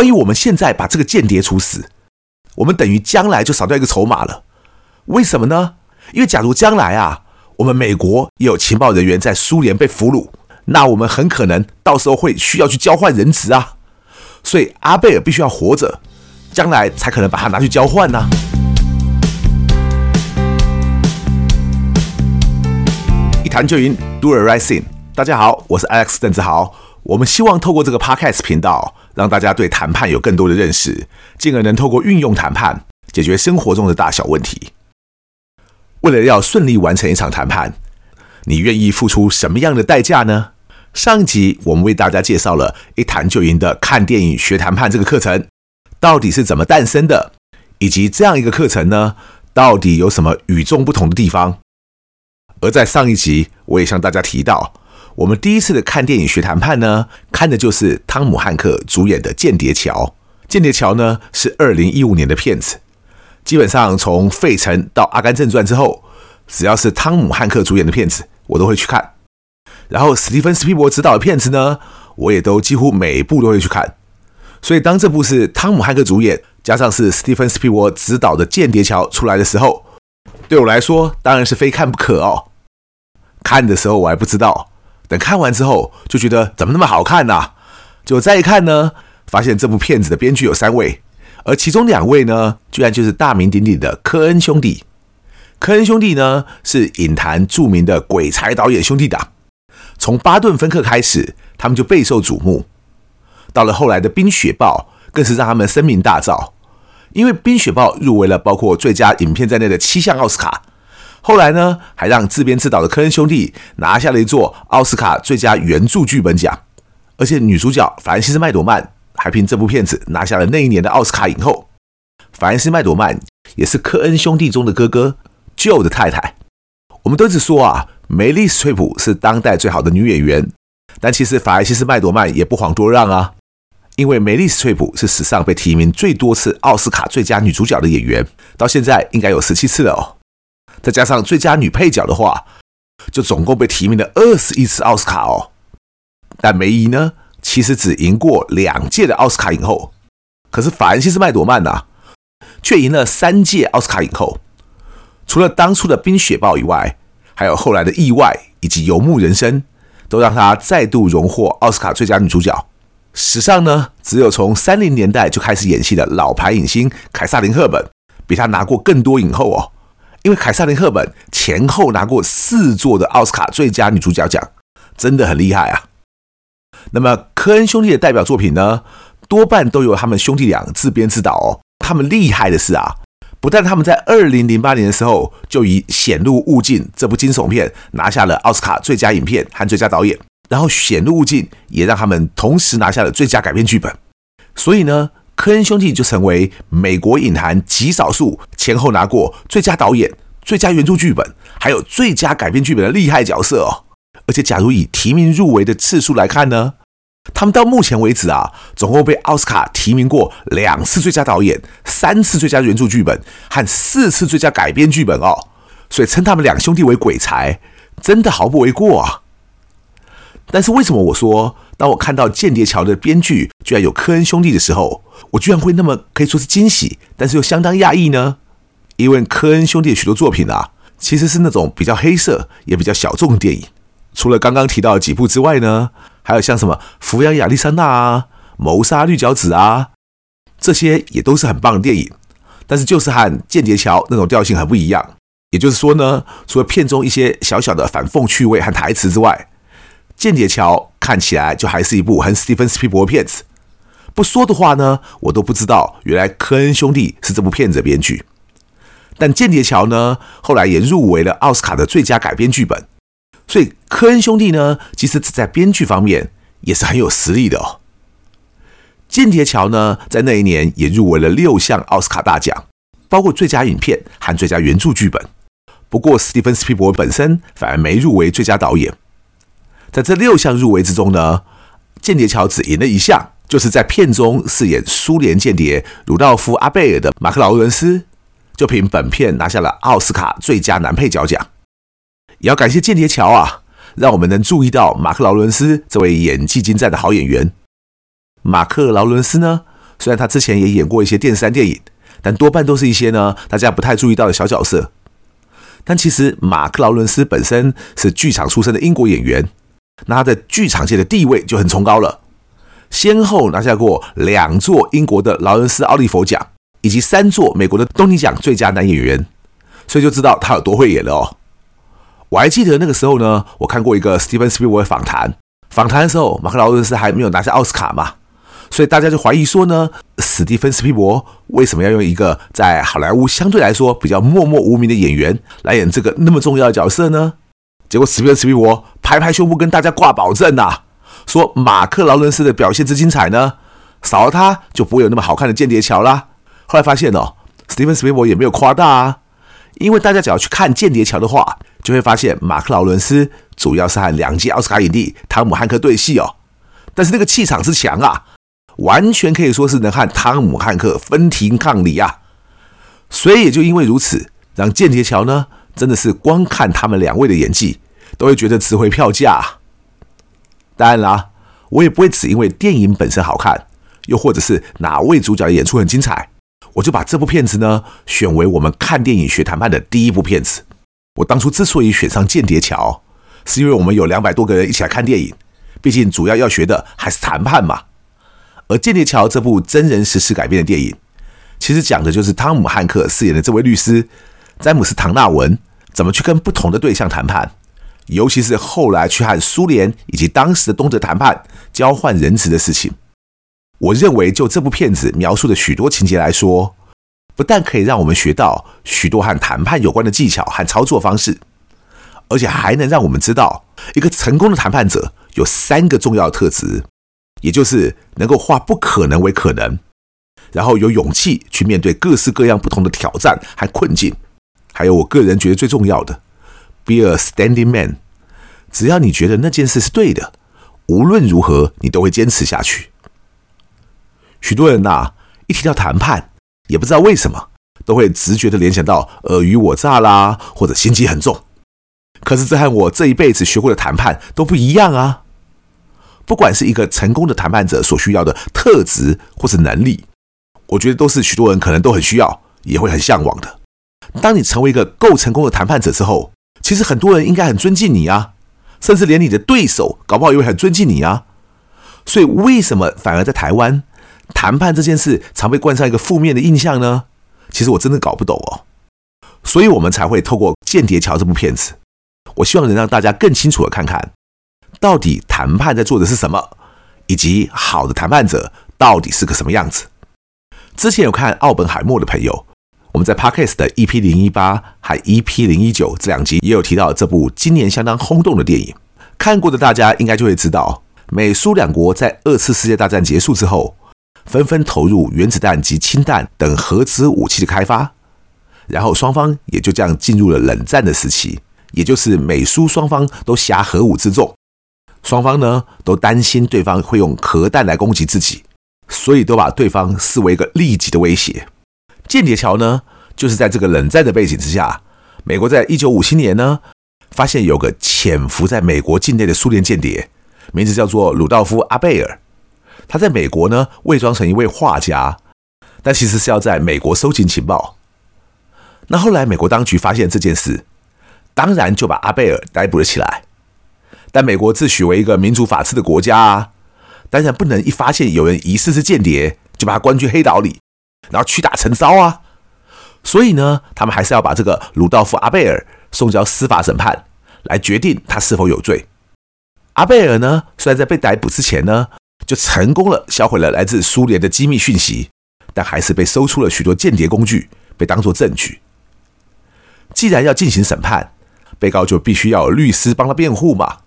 所以，我們現在把這個間諜處死，我們等於將來就少掉一個籌碼了。為什麼呢？因為假如將來啊，我們美國也有情報人員在蘇聯被俘虜，那我們很可能到時候會需要去交換人質啊。所以阿貝爾必須要活着，將來才可能把他拿去交換呢、啊。一談就贏，Do the right thing。大家好，我是 Alex 鄭志豪。我們希望透過這個 podcast 頻道，讓大家對談判有更多的認識，進而能透過運用談判解決生活中的大小問題。為了要順利完成一場談判，你願意付出什麼樣的代價呢？上一集我們為大家介紹了一談就贏的看電影學談判這個課程，到底是怎麼誕生的，以及這樣一個課程呢，到底有什麼與眾不同的地方？而在上一集，我也向大家提到，我們第一次的看電影學談判呢，看的就是湯姆漢克主演的《間諜橋》。《間諜橋》呢是二零一五年的片子，基本上從《費城》到《阿甘正傳》之後，只要是湯姆漢克主演的片子，我都會去看。然後史蒂芬·史匹柏執導的片子呢，我也都幾乎每一部都會去看。所以當這部是湯姆漢克主演，加上是史蒂芬·史匹柏執導的《間諜橋》出來的時候，對我來說當然是非看不可哦。看的時候我還不知道。等看完之後，就覺得怎麼那麼好看呢，啊？就再一看呢，發現這部片子的編劇有三位，而其中兩位呢，居然就是大名鼎鼎的科恩兄弟。科恩兄弟呢，是影壇著名的鬼才導演兄弟檔。從《巴頓·芬克》開始，他們就備受矚目。到了後來的《冰雪暴》，更是讓他們聲名大噪，因為《冰雪暴》入圍了包括最佳影片在內的七項奧斯卡。後來呢，還讓自編自導的科恩兄弟拿下了一座奧斯卡最佳原著劇本獎，而且女主角法蘭西斯·麥朵曼還憑這部片子拿下了那一年的奧斯卡影後。法蘭西斯·麥朵曼也是科恩兄弟中的哥哥 Joe 的太太。我們都一直說啊，梅莉史翠普是當代最好的女演員，但其實法蘭西斯·麥朵曼也不遑多讓啊。因為梅莉史翠普是史上被提名最多次奧斯卡最佳女主角的演員，到現在應該有十七次了哦。再加上最佳女配角的話，就總共被提名了二十一次奧斯卡哦。但梅姨呢，其實只贏過兩屆的奧斯卡影後。可是法蘭西斯·麥朵曼啊，卻贏了三屆奧斯卡影後。除了當初的《冰雪暴》以外，還有後來的《意外》以及《遊牧人生》，都讓她再度榮獲奧斯卡最佳女主角。史上呢，只有從三零年代就開始演戲的老牌影星凱撒林赫本，比她拿過更多影后哦。因為凱薩琳赫本前後拿過四座的奧斯卡最佳女主角獎，真的很厲害啊！那麼科恩兄弟的代表作品呢，多半都由他們兄弟倆自編自導哦。他們厲害的是啊，不但他們在2008年的時候就以《險路勿近》這部驚悚片拿下了奧斯卡最佳影片和最佳導演，然後《險路勿近》也讓他們同時拿下了最佳改編劇本。所以呢，科恩兄弟就成為美國影壇極少數前後拿過最佳導演、最佳原著劇本，還有最佳改編劇本的厲害角色哦。而且，假如以提名入圍的次數來看呢，他們到目前為止啊，總共被奧斯卡提名過兩次最佳導演、三次最佳原著劇本和四次最佳改編劇本哦。所以，稱他們兩兄弟為鬼才，真的毫不為過啊。但是為什麼我說，當我看到《間諜橋》的編劇居然有科恩兄弟的時候，我居然會那麼可以說是驚喜，但是又相當訝異呢？因為科恩兄弟的許多作品啊，其實是那種比較黑色也比較小眾的電影。除了剛剛提到的幾部之外呢，還有像什麼《撫養亞歷桑納》啊，《謀殺綠腳趾》啊，這些也都是很棒的電影。但是就是和《間諜橋》那種調性很不一樣。也就是說呢，除了片中一些小小的反諷趣味和台詞之外，《間諜橋》看起來就還是一部很史蒂芬史匹柏片子，不說的話呢，我都不知道原來科恩兄弟是這部片子的編劇。但《間諜橋》呢，後來也入圍了奧斯卡的最佳改編劇本，所以科恩兄弟呢，其實只在編劇方面也是很有實力的哦。《間諜橋》呢，在那一年也入圍了六項奧斯卡大獎，包括最佳影片和最佳原著劇本。不過，史蒂芬史匹柏本身反而沒入圍最佳導演。在這六項入圍之中呢，《間諜橋》只贏了一項，就是在片中飾演蘇聯間諜魯道夫·阿貝爾的馬克·勞倫斯，就憑本片拿下了奧斯卡最佳男配角獎。也要感謝《間諜橋》啊，讓我們能注意到馬克·勞倫斯這位演技精湛的好演員。馬克·勞倫斯呢，雖然他之前也演過一些電視和電影，但多半都是一些呢大家不太注意到的小角色。但其實馬克·勞倫斯本身是劇場出身的英國演員。那他在劇場界的地位就很崇高了，先後拿下過兩座英國的勞倫斯·奧利佛獎，以及三座美國的東尼獎最佳男演員，所以就知道他有多會演了哦。我還記得那個時候呢，我看過一個史蒂芬·史匹柏的訪談，訪談的時候，馬克·勞倫斯還沒有拿下奧斯卡嘛，所以大家就懷疑說呢，史蒂芬·史匹柏為什麼要用一個在好萊塢相對來說比較默默無名的演員來演這個那麼重要的角色呢？結果史蒂芬·史匹柏拍拍胸部跟大家掛保證吶啊，說馬克·勞倫斯的表現之精彩呢，少了他就不會有那麼好看的《間諜橋》啦。後來發現哦，史蒂芬·史匹柏也沒有誇大啊，因為大家只要去看《間諜橋》的話，就會發現馬克·勞倫斯主要是和兩屆奧斯卡影帝湯姆·漢克對戲哦，但是那個氣場之強啊，完全可以說是能和湯姆·漢克分庭抗禮啊。所以也就因為如此，讓《間諜橋》呢。真的是光看他們兩位的演技，都會覺得值回票價啊。當然啦，我也不會只因為電影本身好看，又或者是哪位主角的演出很精彩，我就把這部片子呢選為我們看電影學談判的第一部片子。我當初之所以選上《間諜橋》，是因為我們有兩百多個人一起來看電影，畢竟主要要學的還是談判嘛。而《間諜橋》這部真人實事改編的電影，其實講的就是湯姆·漢克飾演的這位律師詹姆斯·唐納文。怎麼去跟不同的對象談判，尤其是後來去和蘇聯以及當時的東德談判交換人質的事情，我認為就這部片子描述的許多情節來說，不但可以讓我們學到許多和談判有關的技巧和操作方式，而且還能讓我們知道，一個成功的談判者有三個重要的特質，也就是能夠化不可能為可能，然後有勇氣去面對各式各樣不同的挑戰和困境。還有，我個人覺得最重要的，Be a standing man。只要你覺得那件事是對的，無論如何，你都會堅持下去。許多人吶、啊，一提到談判，也不知道為什麼，都會直覺的聯想到爾虞我詐啦，或者心機很重。可是這和我這一輩子學過的談判都不一樣啊！不管是一個成功的談判者所需要的特質或是能力，我覺得都是許多人可能都很需要，也會很嚮往的。當你成為一個夠成功的談判者之後，其實很多人應該很尊敬你啊，甚至連你的對手，搞不好也會很尊敬你啊。所以，為什麼反而在台灣談判這件事常被冠上一個負面的印象呢？其實我真的搞不懂哦。所以我們才會透過《間諜橋》這部片子，我希望能讓大家更清楚的看看，到底談判在做的是什麼，以及好的談判者到底是個什麼樣子。之前有看奧本海默的朋友，我們在 podcast 的 EP 零一八和 EP 零一九這兩集也有提到這部今年相當轟動的電影。看過的大家應該就會知道，美蘇兩國在二次世界大戰結束之後，紛紛投入原子彈及氫彈等核子武器的開發，然後雙方也就這樣進入了冷戰的時期，也就是美蘇雙方都挾核武自重，雙方呢都擔心對方會用核彈來攻擊自己，所以都把對方視為一個立即的威脅。間諜橋呢，就是在這個冷戰的背景之下，美國在一九五七年呢，發現有個潛伏在美國境內的蘇聯間諜，名字叫做魯道夫·阿貝爾。他在美國呢，偽裝成一位畫家，但其實是要在美國搜集情報。那後來美國當局發現這件事，當然就把阿貝爾逮捕了起來。但美國自詡為一個民主法治的國家啊，當然不能一發現有人疑似是間諜，就把他關去黑島裡。然後屈打成招啊，所以呢，他們還是要把這個魯道夫·阿貝爾送交司法審判，來決定他是否有罪。阿貝爾呢，雖然在被逮捕之前呢，就成功了銷毀了來自蘇聯的機密訊息，但還是被搜出了許多間諜工具，被當作證據。既然要進行審判，被告就必須要有律師幫他辯護嘛。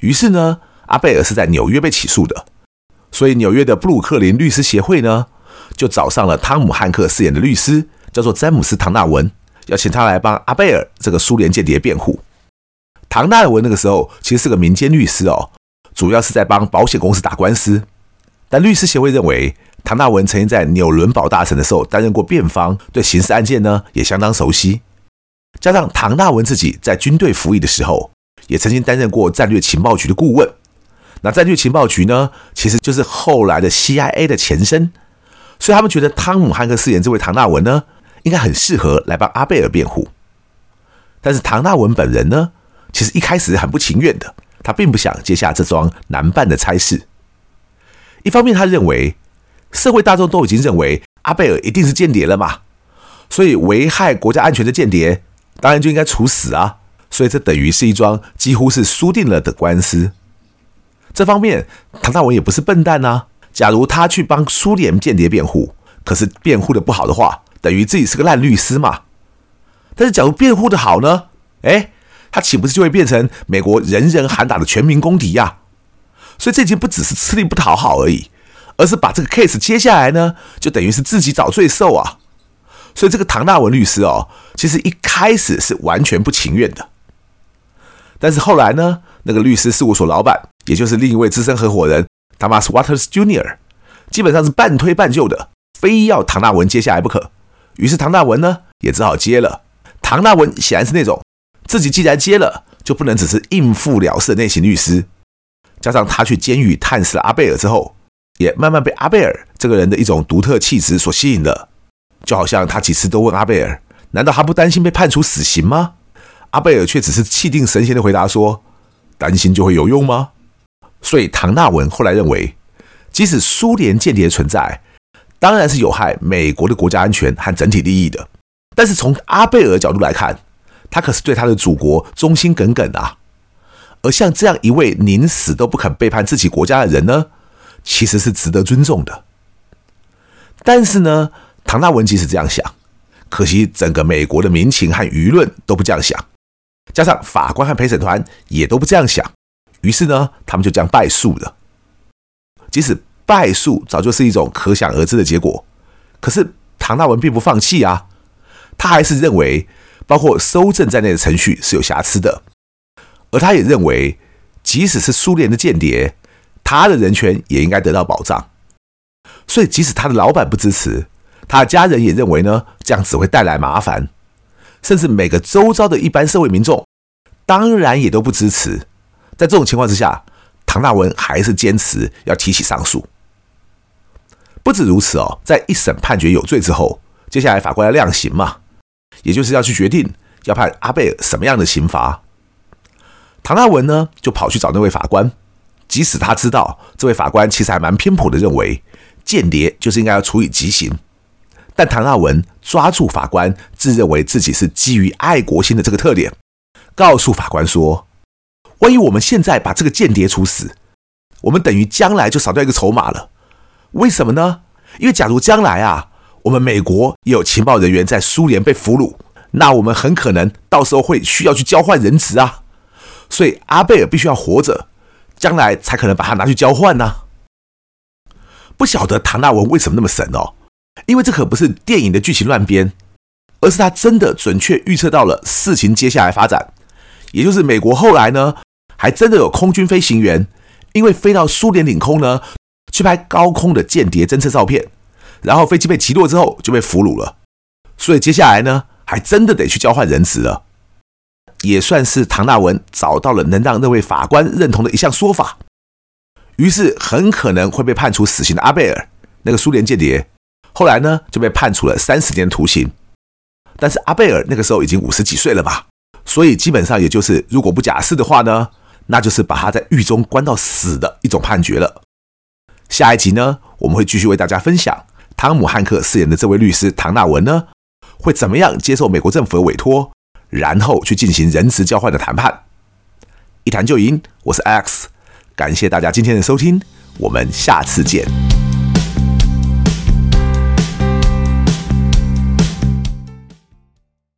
於是呢，阿貝爾是在紐約被起訴的，所以紐約的布魯克林律師協會呢。就找上了湯姆·漢克飾演的律師，叫做詹姆斯·唐納文，要請他來幫阿貝爾這個蘇聯間諜辯護。唐納文那個時候其實是個民間律師哦，主要是在幫保險公司打官司。但律師協會認為，唐納文曾經在紐倫堡大審的時候擔任過辯方，對刑事案件呢也相當熟悉。加上唐納文自己在軍隊服役的時候，也曾經擔任過戰略情報局的顧問。那戰略情報局呢，其實就是後來的 CIA 的前身。所以他們覺得湯姆漢克飾演這位唐納文呢，應該很適合來幫阿貝爾辯護。但是唐納文本人呢，其實一開始很不情願的，他並不想接下這樁難辦的差事。一方面，他認為社會大眾都已經認為阿貝爾一定是間諜了嘛，所以危害國家安全的間諜當然就應該處死啊，所以這等於是一樁幾乎是輸定了的官司。這方面，唐納文也不是笨蛋啊。假如他去幫蘇聯間諜辯護，可是辯護的不好的話，等於自己是個爛律師嘛。但是假如辯護的好呢？哎、欸，他豈不是就會變成美國人人喊打的全民公敵呀、啊？所以這已經不只是吃力不討好而已，而是把這個 case 接下來呢，就等於是自己找罪受啊。所以這個唐納文律師哦，其實一開始是完全不情願的。但是後來呢，那個律師事務所老板，也就是另一位資深合夥人。Thomas Watters Jr. 基本上是半推半就的，非要唐納文接下來不可。於是唐納文呢，也只好接了。唐納文顯然是那種自己既然接了，就不能只是應付了事的那型律師。加上他去監獄探視了阿貝爾之後，也慢慢被阿貝爾這個人的一種獨特氣質所吸引了。就好像他幾次都問阿貝爾：“難道他不擔心被判處死刑嗎？”阿貝爾卻只是氣定神閒地回答說：“擔心就會有用嗎？”所以，唐納文後來認為，即使蘇聯間諜存在，當然是有害美國的國家安全和整體利益的。但是從阿貝爾角度來看，他可是對他的祖國忠心耿耿啊。而像這樣一位寧死都不肯背叛自己國家的人呢，其實是值得尊重的。但是呢，唐納文即使這樣想，可惜整個美國的民情和輿論都不這樣想，加上法官和陪審團也都不這樣想。於是呢，他們就這樣敗訴了。即使敗訴，早就是一種可想而知的結果。可是唐納文並不放棄啊，他還是認為包括搜證在內的程序是有瑕疵的，而他也認為，即使是蘇聯的間諜，他的人權也應該得到保障。所以，即使他的老板不支持，他的家人也認為呢，這樣只會帶來麻煩，甚至每個周遭的一般社會民眾，當然也都不支持。在這種情況之下，唐納文還是堅持要提起上訴。不止如此哦，在一審判決有罪之後，接下來法官要量刑嘛，也就是要去決定要判阿貝爾什麼樣的刑罰。唐納文呢，就跑去找那位法官，即使他知道這位法官其實還蠻偏頗的，認為間諜就是應該要處以極刑。但唐納文抓住法官自認為自己是基於愛國心的這個特點，告訴法官說，萬一我們現在把這個間諜處死，我們等於將來就少掉一個籌碼了。為什麼呢？因為假如將來啊，我們美國也有情報人員在蘇聯被俘虜，那我們很可能到時候會需要去交換人質啊。所以阿貝爾必須要活着，將來才可能把他拿去交換呢、啊。不曉得唐納文為什麼那麼神哦？因為這可不是電影的劇情亂編，而是他真的準確預測到了事情接下來發展，也就是美國後來呢。還真的有空軍飛行員，因為飛到蘇聯領空呢，去拍高空的間諜偵測照片，然後飛機被擊落之後就被俘虜了。所以接下來呢，還真的得去交換人質了，也算是唐納文找到了能讓那位法官認同的一項說法。於是很可能會被判處死刑的阿貝爾，那個蘇聯間諜，後來呢就被判處了三十年徒刑。但是阿貝爾那個時候已經五十幾歲了吧，所以基本上也就是如果不假釋的話呢。那就是把他在獄中關到死的一種判決了。下一集呢，我們會繼續為大家分享湯姆漢克飾演的這位律師唐納文呢，會怎麼樣接受美國政府的委託，然後去進行人質交換的談判。一談就贏。我是 Alex，感謝大家今天的收聽，我們下次見。